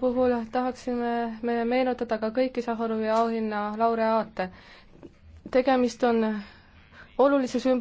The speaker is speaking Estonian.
puhul tahaksime me meenutada ka kõiki Sahharovi auhinna laureaate. tegemist on olulise sümb-,